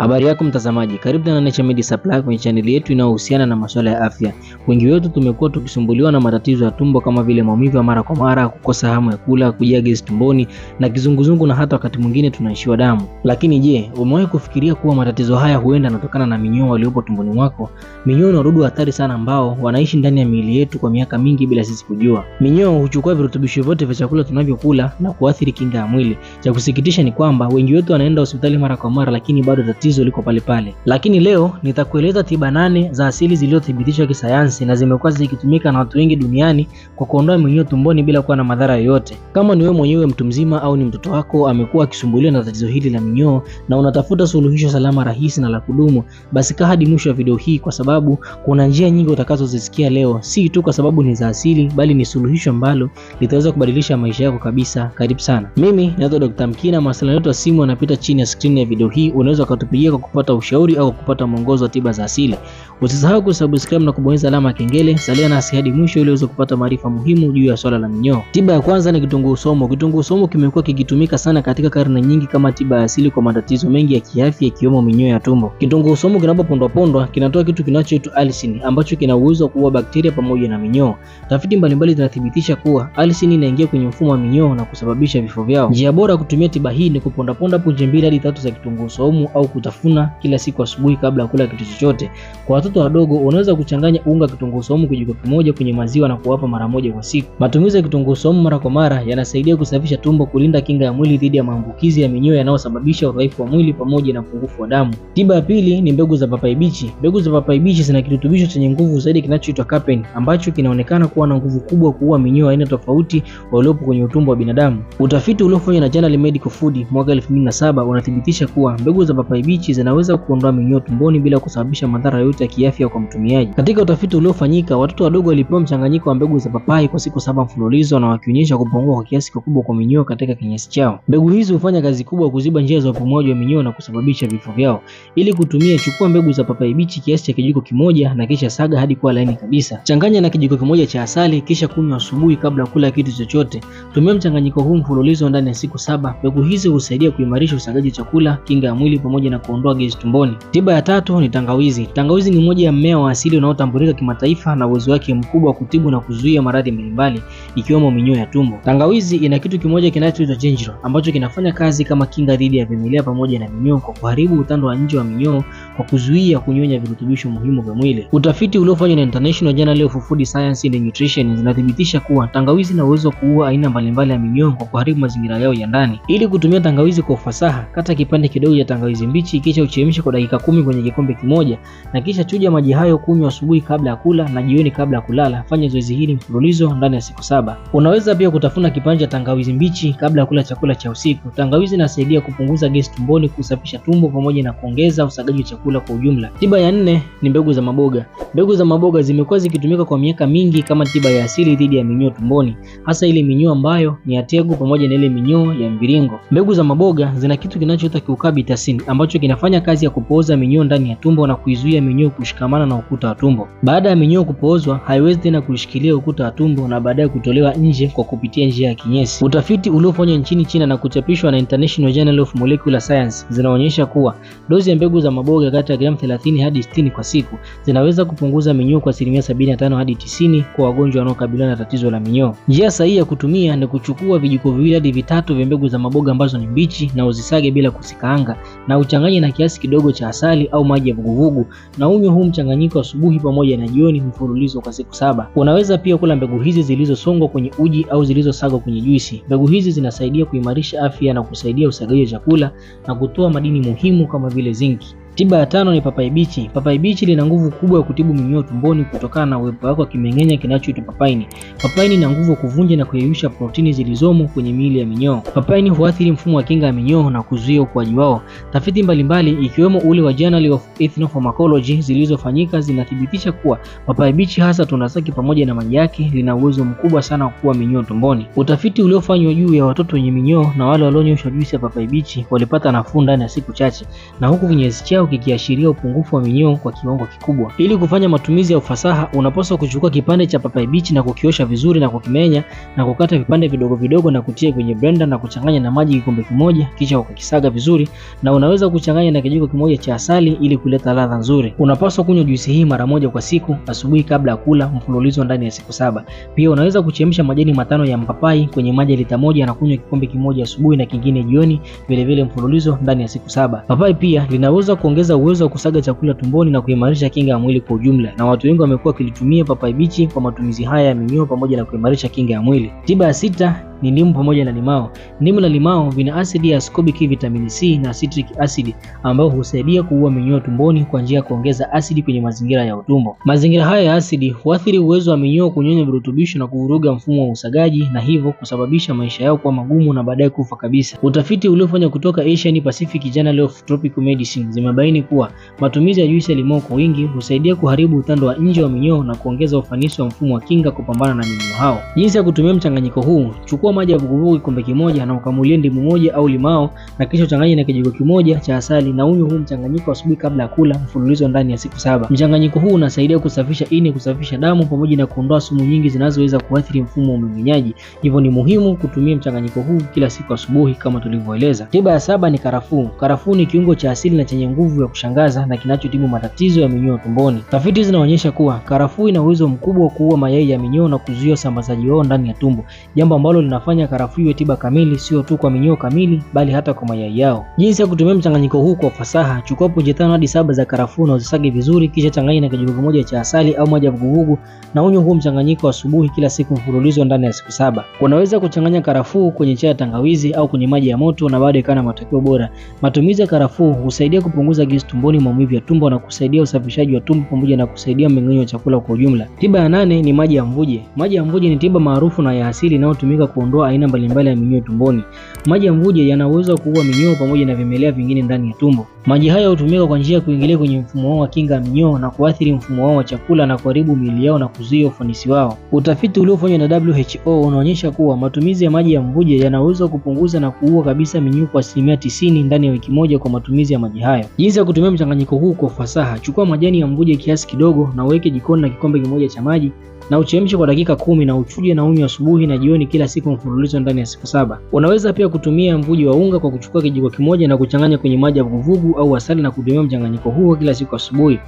Habari yako mtazamaji, karibu tena Naturemed Supply kwenye chaneli yetu inayohusiana na masuala ya afya. Wengi wetu tumekuwa tukisumbuliwa na matatizo ya tumbo kama vile maumivu ya mara kwa mara, kukosa hamu ya kula, kujaa gesi tumboni na kizunguzungu, na hata wakati mwingine tunaishiwa damu. Lakini je, umewahi kufikiria kuwa matatizo haya huenda yanatokana na minyoo waliopo tumboni mwako? Minyoo ni wadudu hatari sana ambao wanaishi ndani ya miili yetu kwa miaka mingi bila sisi kujua. Minyoo huchukua virutubisho vyote vya chakula tunavyokula na kuathiri kinga ya mwili. Cha kusikitisha ni kwamba wengi wetu wanaenda hospitali mara kwa mara, lakini bado tatizo tatizo liko pale pale. Lakini leo nitakueleza tiba nane za asili zilizothibitishwa kisayansi na zimekuwa zikitumika na watu wengi duniani kwa kuondoa minyoo tumboni bila kuwa na madhara yoyote. Kama ni wewe mwenyewe mtu mzima au ni mtoto wako amekuwa akisumbuliwa na tatizo hili la minyoo na unatafuta suluhisho salama, rahisi na la kudumu, basi kaa hadi mwisho wa video hii, kwa sababu kuna njia nyingi utakazozisikia leo, si tu kwa sababu ni za asili, bali ni suluhisho ambalo litaweza kubadilisha maisha yako kabisa. Karibu sana. Mimi naitwa Dr. Mkina, mawasiliano yetu ya simu yanapita chini ya screen ya video hii, unaweza ukatupigia familia kwa kupata ushauri au kupata mwongozo wa tiba za asili. Usisahau kusubscribe na kubonyeza alama ya kengele. Salia nasi hadi mwisho ili uweze kupata maarifa muhimu juu ya swala la minyoo. Tiba ya kwanza ni kitunguu somo. Kitunguu somo kimekuwa kikitumika sana katika karne nyingi kama tiba ya asili kwa matatizo mengi ya kiafya ikiwemo minyoo ya tumbo. Kitunguu saumu kinapopondwapondwa kinatoa kitu kinachoitwa allicin ambacho kina uwezo wa kuua bakteria pamoja na minyoo. Tafiti mbalimbali zinathibitisha kuwa allicin inaingia kwenye mfumo wa minyoo na kusababisha vifo vyao. Njia bora ya kutumia tiba hii ni kupondaponda punje mbili hadi tatu za kitunguu somo au kutafuna kila siku asubuhi kabla ya kula kitu chochote. Kwa watoto wadogo, unaweza kuchanganya unga kitunguu saumu kijiko kimoja kwenye maziwa na kuwapa mara moja kwa siku. Matumizi ya kitunguu saumu mara kwa mara yanasaidia kusafisha tumbo, kulinda kinga ya mwili dhidi ya maambukizi ya minyoo yanayosababisha udhaifu wa mwili pamoja na upungufu wa damu. Tiba ya pili ni mbegu za papai bichi. Mbegu za papai bichi zina kirutubisho chenye nguvu zaidi kinachoitwa capen ambacho kinaonekana kuwa na nguvu kubwa kuua minyoo aina tofauti waliopo kwenye utumbo wa binadamu. Utafiti uliofanywa na Journal Medical Food mwaka 2007 unathibitisha kuwa mbegu za papai kibichi zinaweza kuondoa minyoo tumboni bila kusababisha madhara yoyote ya kiafya kwa mtumiaji. Katika utafiti uliofanyika, watoto wadogo walipewa mchanganyiko wa mbegu za papai kwa siku saba mfululizo na wakionyesha kupungua kwa kiasi kikubwa kwa minyoo katika kinyesi chao. Mbegu hizi hufanya kazi kubwa kuziba njia za upumuaji wa minyoo na kusababisha vifo vyao. Ili kutumia, chukua mbegu za papai bichi kiasi cha kijiko kimoja na kisha saga hadi kuwa laini kabisa. Changanya na kijiko kimoja cha asali kisha kunywa asubuhi kabla ya kula kitu chochote. Tumia mchanganyiko huu mfululizo ndani ya siku saba. Mbegu hizi husaidia kuimarisha usagaji chakula, kinga ya mwili pamoja na kuondoa gesi tumboni. Tiba ya tatu ni tangawizi. Tangawizi ni moja ya mmea wa asili unaotambulika kimataifa na uwezo wake mkubwa wa kutibu na kuzuia maradhi mbalimbali ikiwemo minyoo ya tumbo. Tangawizi ina kitu kimoja kinachoitwa gingerol ambacho kinafanya kazi kama kinga dhidi ya vimelea pamoja na minyoo kwa kuharibu utando wa nje wa minyoo kwa kuzuia kunyonya virutubisho muhimu vya mwili. Utafiti uliofanywa na International Journal of Food Science and Nutrition zinathibitisha kuwa tangawizi ina uwezo kuua aina mbalimbali ya minyoo kwa kuharibu mazingira yao ya ndani. Ili kutumia tangawizi kwa ufasaha, kata kipande kidogo cha tangawizi mbichi kibichi kisha uchemshe kwa dakika kumi kwenye kikombe kimoja, na kisha chuja maji hayo, kunywa asubuhi kabla ya kula na jioni kabla ya kulala. Fanya zoezi hili mfululizo ndani ya siku saba. Unaweza pia kutafuna kipande cha tangawizi mbichi kabla ya kula chakula cha usiku. Tangawizi inasaidia kupunguza gesi tumboni, kusafisha tumbo, pamoja na kuongeza usagaji wa chakula kwa ujumla. Tiba ya nne ni mbegu za maboga. Mbegu za maboga zimekuwa zikitumika kwa miaka mingi kama tiba ya asili dhidi ya minyoo tumboni, hasa ile minyoo ambayo ni ya tegu pamoja na ile minyoo ya mviringo. Mbegu za maboga zina kitu kinachoitwa kiukabitasin ambacho kinafanya kazi ya kupooza minyoo ndani ya tumbo na kuizuia minyoo kushikamana na ukuta wa tumbo. Baada ya minyoo kupoozwa, haiwezi tena kushikilia ukuta wa tumbo na baadaye kutolewa nje kwa kupitia njia ya kinyesi. Utafiti uliofanywa nchini China na kuchapishwa na International Journal of Molecular Science zinaonyesha kuwa dozi ya mbegu za maboga kati ya gramu 30 hadi 60 kwa siku zinaweza kupunguza minyoo kwa asilimia 75 hadi 90 kwa wagonjwa wanaokabiliana na tatizo la minyoo. Njia sahihi ya kutumia ni kuchukua vijiko viwili hadi vitatu vya mbegu za maboga ambazo ni mbichi na uzisage bila kusikaanga na uchanganye Changanye na kiasi kidogo cha asali au maji ya vuguvugu na unywe huu mchanganyiko asubuhi pamoja na jioni mfululizo kwa siku saba. Unaweza pia kula mbegu hizi zilizosongwa kwenye uji au zilizosagwa kwenye juisi. Mbegu hizi zinasaidia kuimarisha afya na kusaidia usagaji wa chakula na kutoa madini muhimu kama vile zinki. Tiba ya tano ni papai bichi. Papai bichi lina nguvu kubwa ya kutibu minyoo tumboni kutokana na uwepo wake wa kimeng'enya kinachoitwa papaini. Papaini ina nguvu ya kuvunja na kuyeyusha protini zilizomo kwenye miili ya minyoo. Papaini huathiri mfumo wa kinga ya minyoo na kuzuia ukuaji wao. Tafiti mbalimbali mbali, ikiwemo ule wa Journal of Ethnopharmacology zilizofanyika zinathibitisha kuwa papai bichi, hasa tunda zake pamoja na maji yake, lina uwezo mkubwa sana wa kuua minyoo tumboni. Utafiti uliofanywa juu ya watoto wenye minyoo na wale walionyoshwa juisi ya papai bichi walipata nafuu ndani ya siku chache, na huku vinyezi chao kikiashiria upungufu wa minyoo kwa kiwango kikubwa. Ili kufanya matumizi ya ufasaha, unapaswa kuchukua kipande cha papai bichi na kukiosha vizuri na kukimenya na kukata vipande vidogo vidogo na kutia kwenye blender na kuchanganya na maji kikombe kimoja, kisha ukakisaga vizuri, na unaweza kuchanganya na kijiko kimoja cha asali ili kuleta ladha nzuri. Unapaswa kunywa juisi hii mara moja kwa siku, asubuhi kabla ya kula, mfululizo ndani ya siku saba. Pia unaweza kuchemsha majani matano ya mpapai kwenye maji lita moja na kunywa kikombe kimoja asubuhi na kingine jioni, vilevile mfululizo ndani ya siku saba. Papai pia linaweza kuongeza kuongeza uwezo wa kusaga chakula tumboni na kuimarisha kinga ya mwili kwa ujumla, na watu wengi wamekuwa wakilitumia papai bichi kwa matumizi haya ya minyoo pamoja na kuimarisha kinga ya mwili. Tiba ya sita ni ndimu pamoja na limao. Ndimu na limao vina asidi ya ascorbic, vitamin C na citric acid ambayo husaidia kuua minyoo tumboni kwa njia ya kuongeza asidi kwenye mazingira ya utumbo. Mazingira haya ya asidi huathiri uwezo wa minyoo kunyonya virutubisho na kuvuruga mfumo wa usagaji na hivyo kusababisha maisha yao kuwa magumu na baadaye kufa kabisa. Utafiti uliofanywa kutoka Asian Pacific Journal of Tropical Medicine zimebaini kuwa matumizi ya juisi ya limao kwa wingi husaidia kuharibu utando wa nje wa minyoo na kuongeza ufanisi wa mfumo wa kinga kupambana na minyoo hao. Jinsi ya kutumia mchanganyiko huu: chukua Chukua maji ya vuguvugu kikombe kimoja na ukamulie ndimu moja au limao na kisha uchanganye na kijiko kimoja cha asali na unywe huu mchanganyiko asubuhi kabla ya kula mfululizo ndani ya siku saba. Mchanganyiko huu unasaidia kusafisha ini, kusafisha damu pamoja na kuondoa sumu nyingi zinazoweza kuathiri mfumo wa umeng'enyaji. Hivyo ni muhimu kutumia mchanganyiko huu kila siku asubuhi kama tulivyoeleza. Tiba ya saba ni karafuu. Karafuu ni kiungo cha asili na chenye nguvu ya kushangaza na kinachotibu matatizo ya minyoo tumboni. Tafiti zinaonyesha kuwa karafuu ina uwezo mkubwa wa kuua mayai ya minyoo na kuzuia usambazaji wao ndani ya tumbo, jambo ambalo lina inafanya karafuu iwe tiba kamili, sio tu kwa minyoo kamili, bali hata kwa mayai yao. Jinsi ya kutumia mchanganyiko huu kwa ufasaha: chukua punje tano hadi saba za karafuu na uzisage vizuri, kisha changanya na kijiko kimoja cha asali au maji ya vuguvugu na unywe huu mchanganyiko asubuhi kila siku mfululizo ndani ya siku saba. Unaweza kuchanganya karafuu kwenye chai ya tangawizi au kwenye maji ya moto na bado ikawa na matokeo bora. Matumizi ya karafuu husaidia kupunguza gesi tumboni, maumivu ya tumbo na kusaidia usafishaji wa tumbo pamoja na kusaidia mmeng'enyo wa chakula kwa ujumla. Tiba ya nane ni maji ya mvuje. Maji ya mvuje ni tiba maarufu na ya asili inayotumika kwa kuondoa aina mbalimbali ya minyoo tumboni. Maji ya mvuje yana uwezo wa kuua minyoo pamoja na vimelea vingine ndani ya tumbo. Maji haya hutumika kwa njia ya kuingilia kwenye mfumo wao wa kinga ya minyoo na kuathiri mfumo wao wa chakula na kuharibu miili yao na kuzuia ufanisi wao. Utafiti uliofanywa na WHO unaonyesha kuwa matumizi ya maji ya mvuje yanaweza kupunguza na kuua kabisa minyoo kwa asilimia 90 ndani ya wiki moja kwa matumizi ya maji hayo. Jinsi ya kutumia mchanganyiko huu kwa ufasaha: chukua majani ya mvuje kiasi kidogo na uweke jikoni na kikombe kimoja cha maji na uchemshe kwa dakika kumi na uchuje na unywe asubuhi na jioni kila siku mfululizo ndani ya siku saba. Unaweza pia kutumia mvuje wa unga kwa kuchukua kijiko kimoja na kuchanganya kwenye maji ya vuguvugu mchaichai au asali na kutumia mchanganyiko huo kila siku asubuhi.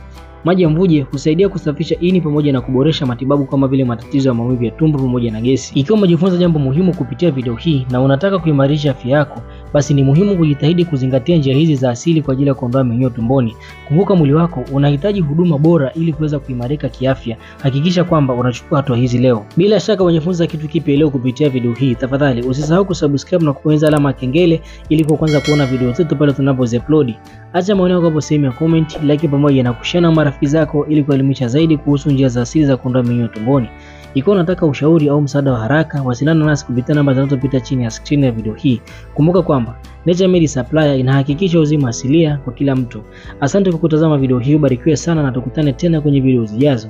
Maji ya mvuje husaidia kusafisha ini pamoja na kuboresha matibabu kama vile matatizo ya maumivu ya tumbo pamoja na gesi. Ikiwa umejifunza jambo muhimu kupitia video hii na unataka kuimarisha afya yako, basi ni muhimu kujitahidi kuzingatia njia hizi za asili kwa ajili ya kuondoa minyoo tumboni. Kumbuka mwili wako unahitaji huduma bora ili kuweza kuimarika kiafya. Hakikisha kwamba unachukua hatua hizi leo. Bila shaka umejifunza kitu kipya leo kupitia video hii. Tafadhali usisahau kusubscribe na kubonyeza alama ya kengele ili kuanza kwanza kuona video zetu pale tunapoziupload. Acha maoni yako hapo sehemu ya comment, like pamoja na kushare na marafiki zako ili kuelimisha zaidi kuhusu njia za asili za kuondoa minyoo tumboni. Ikiwa unataka ushauri au msaada wa haraka, wasiliana nasi kupitia namba zinazopita chini ya skrini ya video hii. Kumbuka kwamba Naturemed Supplies inahakikisha uzima asilia kwa kila mtu. Asante kwa kutazama video hii, ubarikiwe sana na tukutane tena kwenye video zijazo.